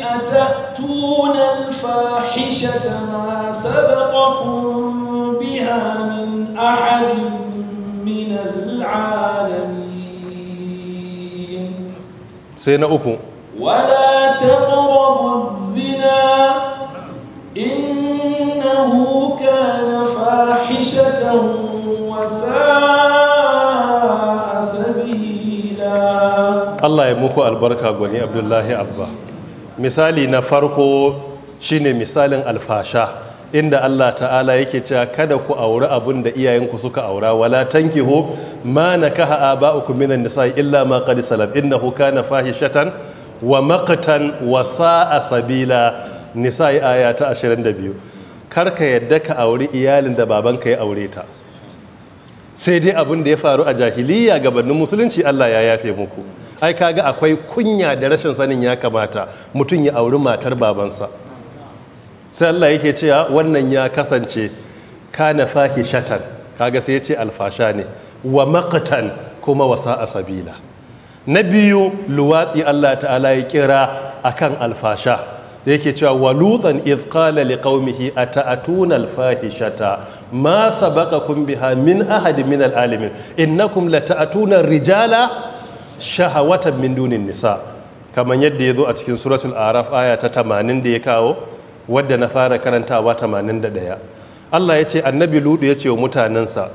atatuna al sai na uku wala taqrabu zina innahu kana fahishatan wa sa'a sabila Allah ya muku albarka gwani Abdullahi Abba misali na farko shine misalin alfasha inda Allah ta'ala yake cewa kada ku auri abun da iyayenku suka aura wala tankihu ma nakaha aba'ukum minan nisa'i illa ma qad salaf innahu kana fahishatan wa maqtan wa sa'a sabila nisa'i aya ta 22 kar ka yadda ka auri iyalin da babanka ya aure ta sai dai abin da ya faru a jahiliya gabanin musulunci Allah ya yafe muku ai kaga akwai kunya da rashin sanin ya kamata mutum ya auri matar babansa sai Allah yake cewa wannan ya kasance kana fahishatan kaga sai ya ce alfasha ne wa maqtan kuma wasa a sabila na biyu luwatsi Allah ta'ala ya kira akan alfasha yake cewa wa lutan idh qala liqaumihi ata'atuna alfahishata ma sabaqakum biha min ahadin min alalamin innakum lata'atuna rijala shahawatan min dunin nisa kamar yadda ya zo a cikin suratul araf aya ta 80 da ya kawo wadda na fara karantawa 81 Allah ya ce annabi ludu ya ce wa mutanensa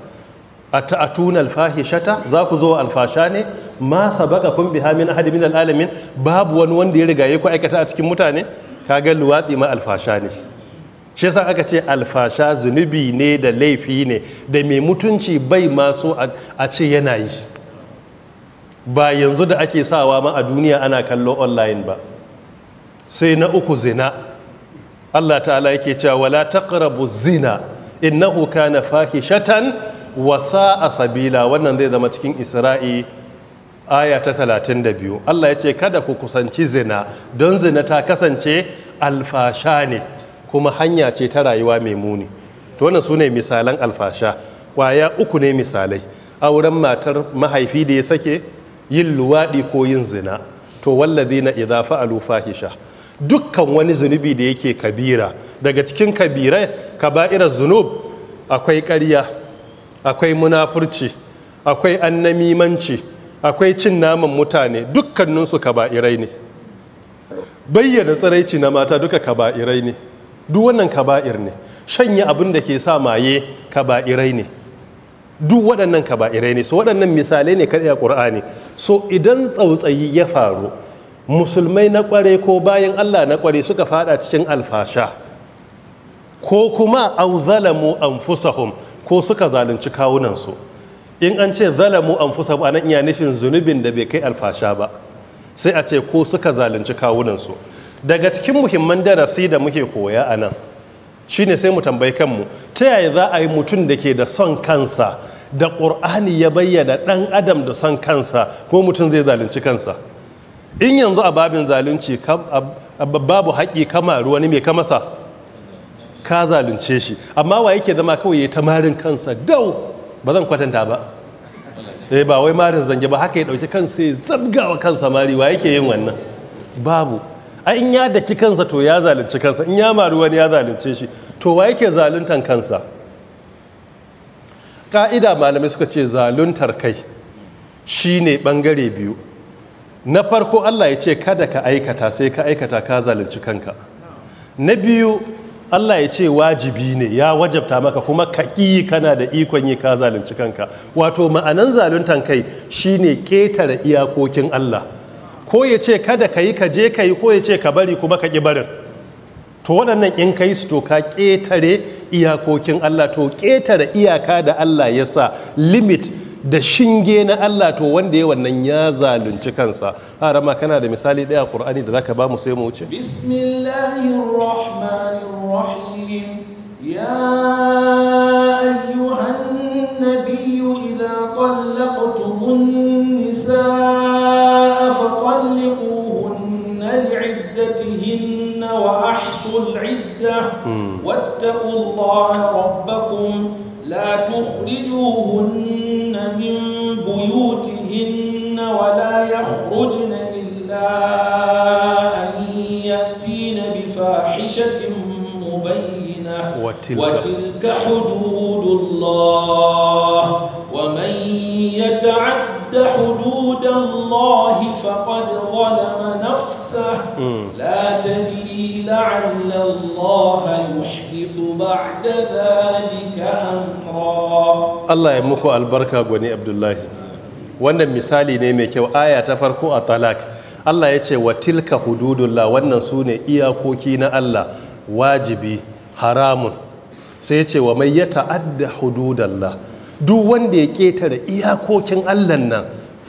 a ta'atun alfahishata za ku zo alfasha ne ma sabaka kun biha min ahadi min alalamin babu wani wanda ya riga ya ku aikata a cikin mutane kaga luwatsi ma alfasha ne shi yasa aka ce alfasha zunubi ne da laifi ne da mai mutunci bai so a ce yana yi ba yanzu da ake sawa ma a duniya ana kallo online ba sai na uku zina Allah ta'ala yake cewa wala taqrabu zina innahu kana fahishatan wa sa'a sabila wannan zai zama cikin Isra'i aya ta 32 Allah ya ce kada ku kusanci zina don zina ta kasance alfasha ne kuma hanya ce ta rayuwa mai muni to wannan sune misalan alfasha kwaya uku ne misalai auren matar mahaifi da ya sake yin luwadi ko yin zina to wallazina idza fa'alu fahisha dukkan wani zunubi da yake kabira daga cikin kabirai kaba'irar zunub akwai ƙarya akwai munafurci akwai annamimanci akwai cin naman mutane dukkaninsu kaba'irai ne bayyana tsiraici na mata duka kaba'irai ne duk wannan kaba'ir ne shanye abin da ke sa maye kaba'irai ne duk waɗannan kaba'irai ne so waɗannan misalai ne kaɗai a ƙur'ani so idan tsautsayi ya faru musulmai na kware ko bayan Allah na kware suka fada cikin alfasha ko kuma au zalamu anfusahum ko suka zalunci kawunansu in an ce zalamu anfusahum anan iya nufin zunubin da bai kai alfasha ba sai a ce ko suka zalunci kawunansu daga cikin muhimman darasi da muke koya a nan shine sai mu tambayi kanmu ta yaya za a yi mutum da ke da son kansa da ƙur'ani ya bayyana ɗan adam da son kansa ko mutum zai zalunci kansa in yanzu a babin zalunci babu haƙƙi kama wani mai kamasa ka zalunce shi amma wa yake zama kawai ya ta marin kansa dau ba zan kwatanta ba sai eh, ba wai marin zange ba haka ya ɗauki kansa ya zabga wa kansa mari wa yake yin wannan babu a in ya daki kansa to ya zalunci kansa in ya maru wani ya zalunce shi to wa yake zaluntan kansa ka'ida malamai suka ce zaluntar kai shine bangare biyu na farko Allah ya ce kada ka aikata sai ka aikata ka zalunci kanka na biyu Allah ya ce wajibi ne ya wajabta maka kuma ka ƙi kana da ikon yi ka zalunci kanka wato ma'anan zaluntan kai shine ƙetare iyakokin Allah ko ya ce kada ka yi ka je ka yi ko ya ce ka bari kuma ka ƙi barin to waɗannan in ka yi su to ka ƙetare iyakokin Allah to ƙetare iyaka da Allah ya sa limit da shinge na Allah to wanda ya wannan ya zalunci kansa harama kana da misali daya Qur'ani da zaka ba mu sai mu wuce bismillahirrahmanirrahim ya ayyuhan nabiyyu idza talaqtumun nisaa fatalliquhunna li'iddatihinna wa ahsul 'iddah hmm. wattaqullaha albarka gwani abdullahi wannan misali ne mai kyau aya ta farko a talak allah ya ce wa tilka hududullah wannan su ne iyakoki na allah wajibi haramun sai ya ce wa mai ya ta'adda hududallah duk wanda ya ƙetare iyakokin allah nan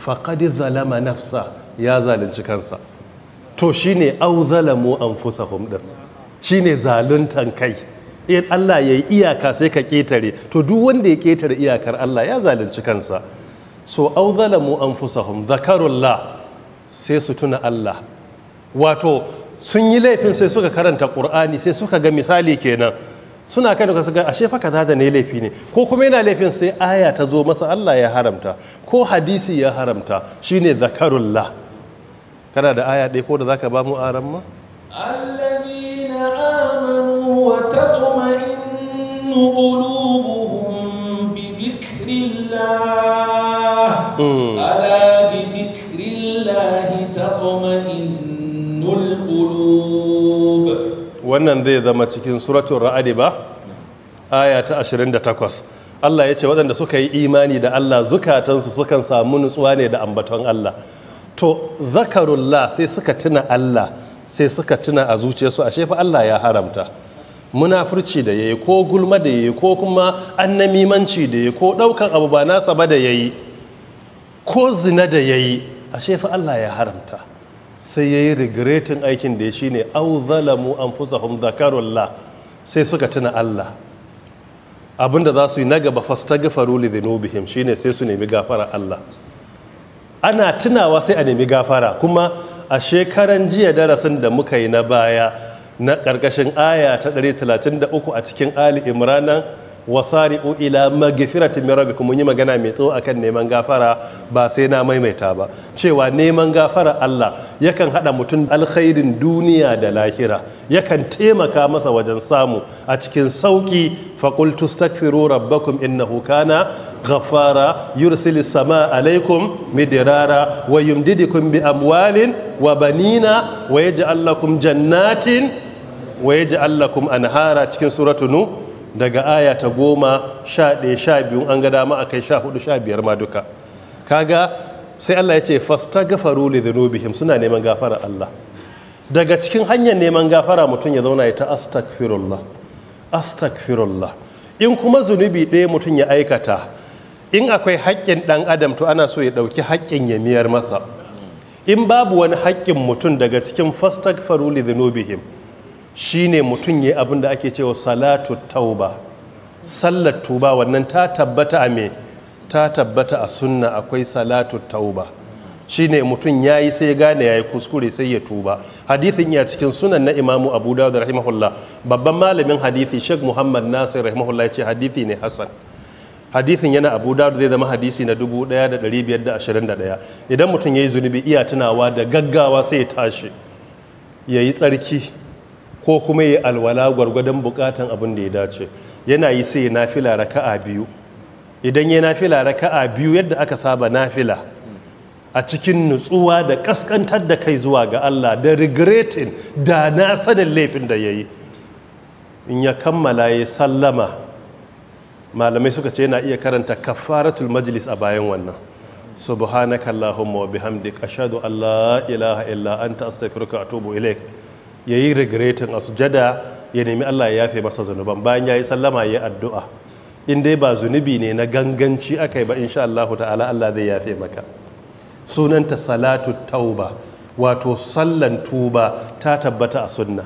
faƙadi zalama nafsa ya zalunci kansa to shine au zalamu anfusahum din shine zaluntan kai Allah ya yi iyaka sai ka ƙetare to duk wanda ya ƙetare iyakar Allah ya zalunci kansa so au zalamu fusahun zakarullah sai su tuna Allah wato sun yi laifin sai suka karanta ƙur'ani sai suka ga misali kenan suna kai da ga ashe fa kaza ne laifi ne ko kuma yana laifin sai aya ta zo masa Allah ya haramta ko hadisi ya haramta shine zakarullah kana da aya ɗaya ko da zaka ba mu aran ma amanu wa taqwa قلوبهم الله ألا الله تطمئن القلوب wannan zai zama cikin suratun ra'adi ba aya ta 28 Allah ya ce waɗanda suka yi imani da Allah zukatansu sukan samu nutsuwa ne da ambaton Allah to zakarullah sai suka tuna Allah sai suka tuna a zuciyarsu ashe fa Allah ya haramta munafurci da ya yi ko gulma da ya yi ko kuma annamimanci da yi ko ɗaukan abu ba nasa ba da ya yi ko zina da ya yi ashe fa Allah ya haramta sai ya yi regretin aikin da ya shi shine au zalamu anfusahum zakarullah sai suka tuna Allah abinda za su yi na gaba fasta fastaghfiru li shi shine sai su nemi gafara Allah ana tunawa sai a nemi gafara kuma a shekaran jiya darasin da muka yi na baya na ƙarƙashin aya ta 133 a cikin ali imranan wasari'u ila magfiratin min rabbikum kuma yi magana mai tsawo akan neman gafara ba sai na maimaita ba cewa neman gafara Allah yakan hada mutum alkhairin duniya da lahira yakan taimaka masa wajen samu a cikin sauki faqul tastaghfiru rabbakum innahu kana Gafara yursilis samaa alaikum Midirara wa yumdidukum bi amwalin wa banina wa yaj'al lakum jannatin wa ya ji allakum hara cikin suratu nu daga aya ta goma sha ɗaya sha biyu an ga dama a kai sha hudu sha biyar ma duka kaga sai Allah ya ce fasta gafaru li dhunubihim suna neman gafara Allah daga cikin hanyar neman gafara mutum ya zauna ya ta astagfirullah in kuma zunubi ɗaya mutum ya aikata in akwai haƙƙin ɗan adam to ana so ya ɗauki haƙƙin ya miyar masa in babu wani haƙƙin mutum daga cikin fastagfaru li dhunubihim shine mutum ya abin da ake cewa salatu tauba sallar tuba wannan ta tabbata a me ta tabbata a sunna akwai salatu tauba shine mutum ya yi sai gane ya yi kuskure sai ya tuba hadithin ya cikin sunan na imamu abu dawud rahimahullah babban malamin hadithi sheikh muhammad nasir rahimahullah ya ce hadithi ne hasan hadithin yana abu dawud zai zama hadisi na 1521 idan mutum ya yi zunubi iya tunawa da gaggawa sai ya tashi ya yi tsarki ko kuma yi alwala gwargwadon bukatan abin da ya dace yana yi sai nafila raka'a biyu idan ya nafila raka'a biyu yadda aka saba nafila a cikin nutsuwa da kaskantar da kai zuwa ga Allah da regretting da na sanin laifin da ya yi in ya kammala ya sallama malamai suka ce yana iya karanta kafaratul majlis a bayan wannan subhanakallahumma wa bihamdik ashhadu an la ilaha illa anta astaghfiruka wa atubu ilaik ya yi regretin a sujada ya nemi Allah ya yafe masa zunuban bayan ya yi sallama ya addu'a in dai ba zunubi ne na ganganci aka yi ba insha Allah ta'ala Allah zai yafe maka sunanta salatu tauba wato sallan tuba ta tabbata a sunna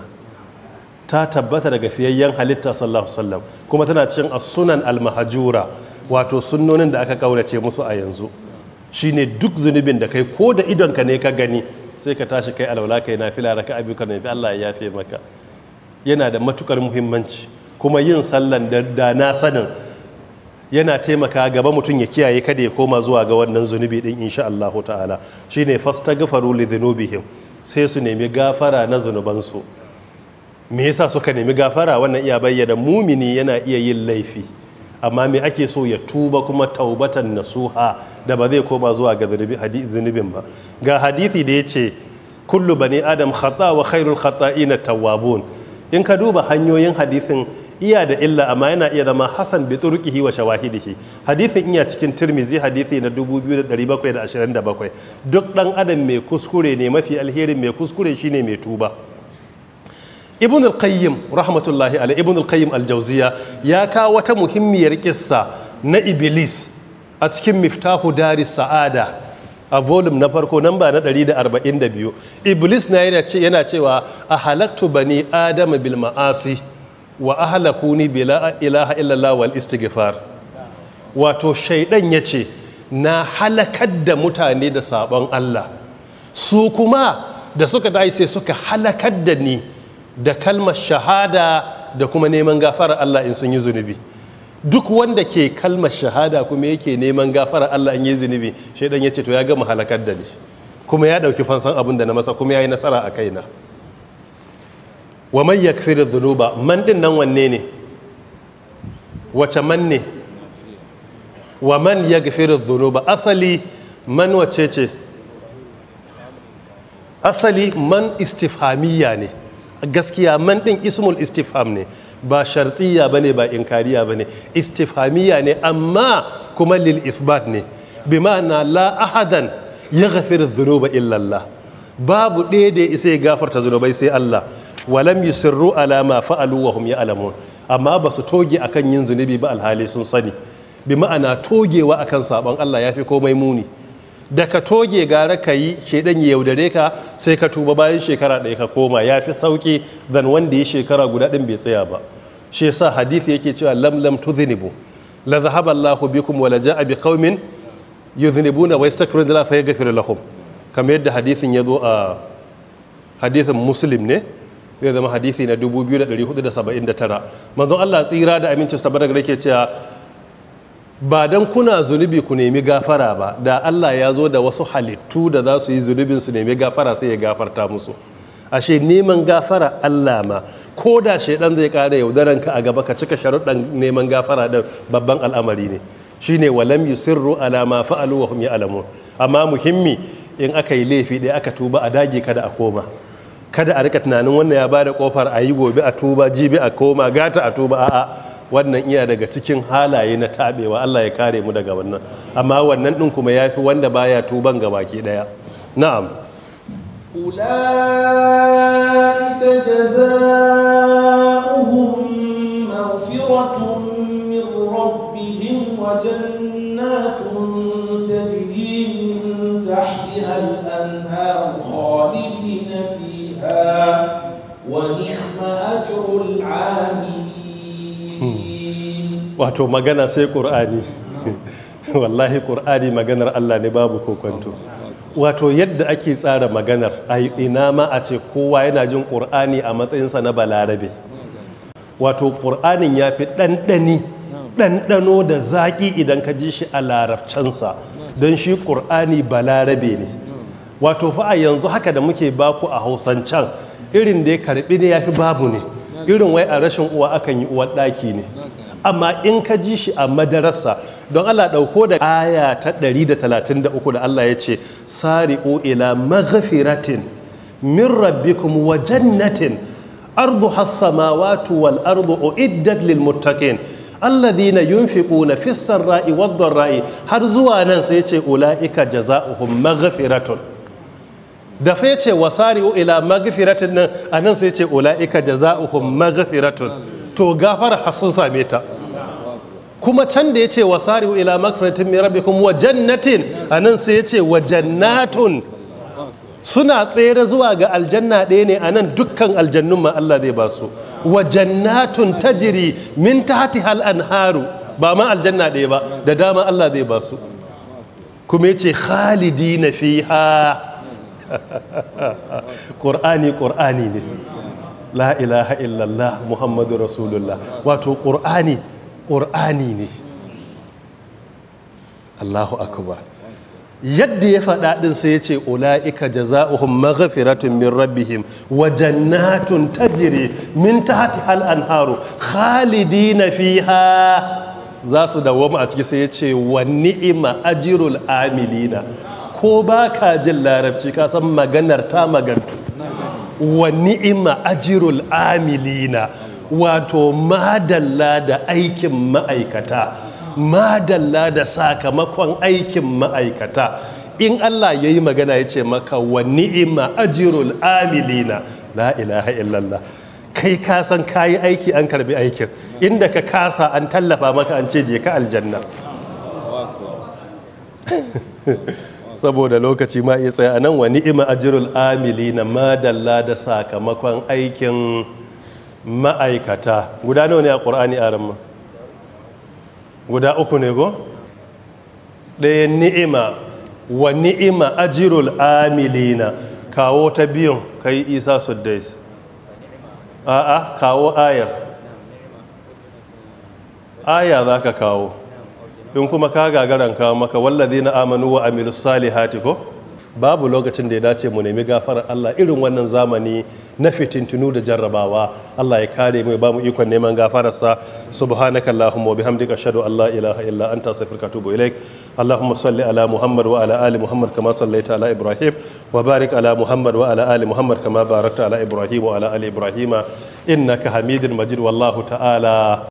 ta tabbata daga fiyayyen halitta sallallahu sallam kuma tana cikin a sunan al wato sunnonin da aka kaurace musu a yanzu shine duk zunubin da kai ko da idonka ne ka gani sai ka tashi kai alwala kai fila raka ayyukan nafi Allah ya yafe maka yana da matukar muhimmanci kuma yin sallan da, na sanin yana taimaka gaba mutum ya kiyaye kada ya koma zuwa ga wannan zunubi din insha Allah ta'ala shine fastaghfaru li dhunubihim sai su nemi gafara na zunubansu me yasa suka nemi gafara wannan iya bayyana mumini yana iya yin laifi amma me ake so ya tuba kuma taubatan nasuha da ba zai koma zuwa ga zunubin ba ga hadisi da ya ce kullu bani adam khata wa khairul khata'ina tawwabun in ka duba hanyoyin hadisin iya da illa amma yana iya zama hasan bi turqihi wa shawahidihi hadisin iya cikin tirmizi hadisi na 2727 duk dan adam mai kuskure ne mafi alherin mai kuskure shine mai tuba ibn al-qayyim rahmatullahi Ali ibn al-qayyim al-jawziya ya kawo wata muhimmiyar kissa na iblis a cikin miftahu dari sa'ada a volume na farko nan ba na 142 iblis na yana cewa a ba bani adama bil ma'asi wa ahlakuni bila ilaha illallah wal istighfar wato shaidan ya ce na halakar da mutane da sabon Allah su kuma da suka da sai suka halakar da ni da kalmar shahada da kuma neman gafara Allah in sun yi zunubi duk wanda ke kalmar shahada kuma yake neman gafara Allah an yi zunubi shaidan ya ce to ya gama halakar da ni kuma ya ɗauki fansan abin da na masa kuma ya yi nasara a kaina wa man yakfiru dhunuba man din nan wanne ne wace man ne wa man yakfiru dhunuba asali man wace ce asali man istifhamiyya ne gaskiya man din ismul istifham ne ba shartiya bane ba inkariya bane istifhamiya ne amma kuma lil isbat ne bi ma'ana la ahadan yaghfir dhunuba zunuba illallah. babu ɗaya da isa ya gafarta zunubai sai Allah walam yusirru ala ma fa'alu wa hum ya'lamun amma ba su toge akan yin zunubi ba alhali sun sani bi ma'ana togewa akan sabon Allah yafi komai muni da ka toge gara ka yi shaidan ya yaudare ka sai ka tuba bayan shekara ɗaya ka koma ya fi sauki zan wanda ya shekara guda ɗin bai tsaya ba shi yasa hadith yake cewa lam lam tuzinibu la zahaba Allahu bikum wa la ja'a bi qaumin yuzinibuna wa yastaghfiruna la fa yaghfiru lahum kamar yadda hadithin ya zo a hadithin muslim ne zai zama hadithi na 2479 manzon Allah tsira da aminci sabar da yake cewa ba don kuna zunubi ku nemi gafara ba da Allah ya zo da wasu halittu da za su yi zunubin su nemi gafara sai ya gafarta musu ashe neman gafara Allah ma ko da shaidan zai kara yaudaran ka a gaba ka cika sharuɗan neman gafara din babban al'amari ne shine walam yusirru ala ma fa'alu wa hum alamu amma muhimmi in aka yi laifi ɗaya aka tuba a dage kada a koma kada a rika tunanin wannan ya ba da kofar a yi gobe a tuba jibi a koma gata a tuba a'a wannan iya daga cikin halaye na taɓewa, Allah ya kare mu daga wannan amma wannan ɗin kuma ya fi wanda baya tuban ga baki daya na'am ulaika jazaohum maghfiratun min rabbihim wa jannatun tajri min tahtiha al-anhar khalidina fiha wa ni'ma ajrul 'amilin wato magana sai ƙur'ani wallahi ƙur'ani maganar allah ne babu kokonto wato yadda ake tsara maganar a ina ma a ce kowa yana jin ƙur'ani a matsayinsa na balarabe wato ƙur'anin ya fi ɗanɗani ɗanɗano da zaƙi idan ka ji shi a larabcansa don shi ƙur'ani balarabe ne wato fa a yanzu haka da muke baku a hausancan irin da ya karɓi ne ya fi babu ne irin wai a rashin uwa akan yi uwar ɗaki ne amma in ka ji shi a madarasa don Allah ɗauko da aya ta 133 da Allah ya ce sari'u ila maghfiratin min rabbikum wa jannatin ardu hassamawatu wal ardu uiddat lil muttaqin alladhina yunfiquna fis ra'i wad ra'i har zuwa nan sai ce ulaika jazaohum maghfiratun da fa yace wasari'u ila maghfiratin nan anan sai ce ulaika jazaohum maghfiratun to gafara har same ta kuma can da ya ce wa sari'u ila makfiratin min kuma wa jannatin anan sai ya ce wa jannatun suna tsere zuwa ga aljanna ɗaya ne a nan dukkan aljannun ma Allah zai ba su wa jannatun tajiri min hal anharu ba ma aljanna ɗaya ba da dama Allah zai ba su kuma ya ce khalidina fiha qur'ani qur'ani ne la ilaha illallah muhammadu rasulullah wato ƙur'ani ƙur'ani ne allahu akbar yadda ya faɗa ɗin sai ya ce ula'ika jaza'uhum maghafiratun min rabbihim wa jannatun tajiri min tahti hal anharu khalidina fiha za su dawoma a ciki sai ya ce wa ni'ima ajirul amilina ko ba ka jin larabci ka san maganar ta magantu wa ni'ima ajirul amilina wato madalla da aikin ma'aikata madalla da sakamakon aikin ma'aikata in Allah ya yi magana ya ce maka wa ni'ima ajirul amilina la ilaha illallah kai ka san kayi aiki an karbi aikin inda ka kasa an tallafa maka an ce je ka aljanna saboda lokaci ma iya a nan wa ni'ima ajirul amili na madalla da sakamakon aikin ma'aikata guda nawa ne a ƙur'ani a ramma guda uku ne go ɗaya ni'ima wa ni'ima ajirul na kawo ta biyun kai isa suddais a'a kawo ayar aya za ka kawo in kuma ka gagaran kawo maka wallazi na amanu wa amilu salihati ko babu lokacin da ya dace mu nemi gafarar Allah irin wannan zamani na fitintunu da jarrabawa Allah ya kare mu ba mu ikon neman gafararsa subhanaka allahumma wa bihamdika ashhadu an la ilaha illa anta astaghfiruka wa atubu ilaik allahumma salli ala muhammad wa ala ali muhammad kama sallaita ala ibrahim wa barik ala muhammad wa ala ali muhammad kama barakta ala ibrahim wa ala ali ibrahima innaka hamidul majid wallahu ta'ala